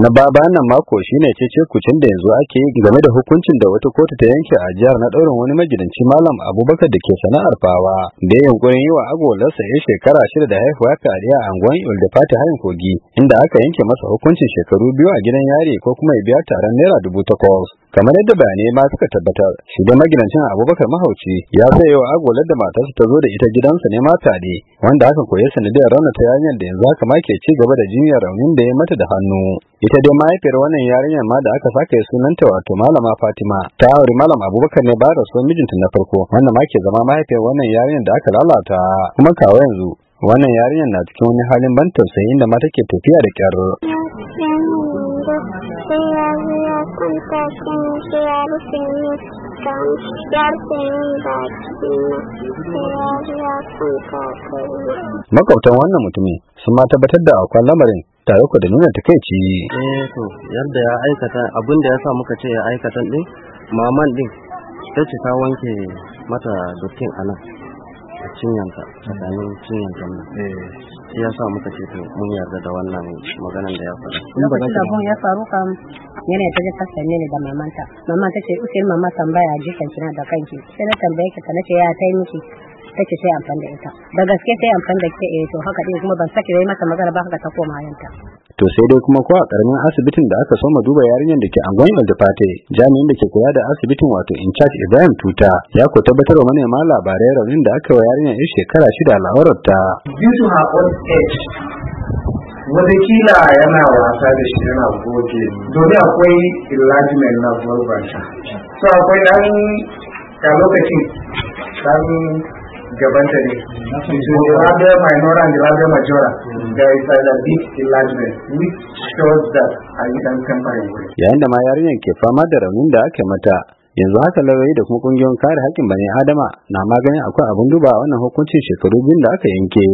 na baba nan mako shine ne kucin da yanzu ake yi game da hukuncin da wata kotu ta yanke a jihar na daurin wani magidanci malam abubakar da ke sana'ar fawa da ya yunkurin yi wa agolarsa ya shekara shida da haihuwa kariya a anguwan fata hayin kogi inda aka yanke masa hukuncin shekaru biyu a gidan yari ko kuma ya biya taron naira dubu takwas kamar yadda bayanai ma suka tabbatar shi da magidancin abubakar mahauci ya sayo wa agolar da matarsa ta zo da ita gidansa ne mata ne wanda aka koyi sanadiyar raunata yanyar da yanzu haka ma ke ci gaba da jinyar raunin da ya mata da hannu ita dai mahaifiyar wannan yarinyar ma da aka saka ya sunanta wato malama fatima ta aure malam abubakar ne ba da son mijinta na farko wannan ma ke zama mahaifiyar wannan yarinyar da aka lalata kuma kawo yanzu wannan yarinyar na cikin wani halin ban tausayi inda ma take tafiya da kyar makwabtan wannan mutumin sun ma tabbatar da akwai lamarin tare ku da nuna takaici eh to yadda ya aikata abin da ya sa muka ce ya aikata din maman din ta ce ta wanke mata dukkin anan a cinyanta tsakanin cinyanta nan eh. ya sa muka ce to mun yarda da wannan maganan da ya faru in ba da ya faru kam yana ta ta sanne ne da mamanta maman ta ce uke mama tambaya jikin kina da kanki sai na tambaye ka ta ce ya tai miki ta sai amfani da ita da gaske sai amfani da ke eh to haka dai kuma ban sake yayi mata magana ba haka ta koma yanta to sai dai kuma ko a karamin asibitin da aka soma duba yarinyar da ke angon Eldefate jami'in da ke kula da asibitin wato in charge Ibrahim Tuta ya ko tabbatar wa manema labarai raunin da aka wa yarinyar yan shekara shida al'aurar ta due to yana wasa da shi yana goge domin akwai enlargement na vulva so akwai ɗan a lokacin dan ne the yayin da ma yarinyar ke fama da raunin da aka mata yanzu haka lauyoyi da kuma kungiyoyin kare haƙƙin bani adama na maganin akwai abin duba a wannan hukuncin shekaru biyu da aka yanke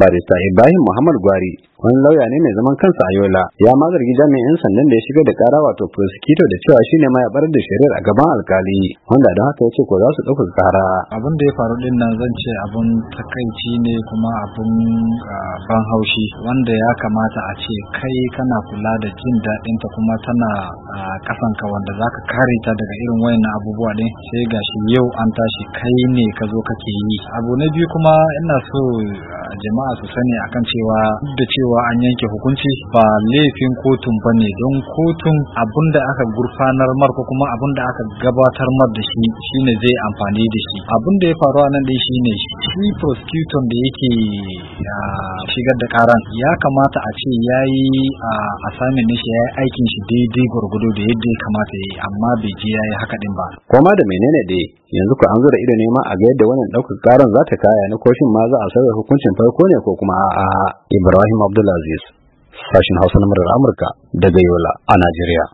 barista ibrahim muhammad gwari wani lauya ne mai zaman kansa a yola ya ma zargi jami'in sandan da ya shiga da kara wato prosecutor da cewa shine ma ya bar da shari'ar a gaban alkali wanda don haka yace ko za su ɗauka kara abin da ya faru din nan zan ce abun takaici ne kuma abun ban haushi wanda ya kamata a ce kai kana kula da jin daɗin ta kuma tana ka wanda za ka kare ta daga irin wayannan abubuwa din sai gashi yau an tashi kai ne ka zo kake yi abu na biyu kuma ina so jama'a su sani akan cewa duk da cewa an yanke hukunci ba laifin kotun ba ne don kotun abun da aka gurfanar mar ko kuma abun da aka gabatar mar da shi shine zai amfani da shi abun da ya faru a nan dai shine shi prosecutor da yake shigar da karan ya kamata a ce ya yi a samun shi ya yi aikin shi daidai gwargwado da yadda ya kamata ya yi amma bai je ya yi haka din ba koma da menene dai yanzu ku an zura ido nema a ga yadda wannan ɗaukar karan za ta kaya na koshin ma za a sauya hukuncin farko ne ko kuma a ibrahim abdulaziz sashin hausa na murar amurka daga yola a najeriya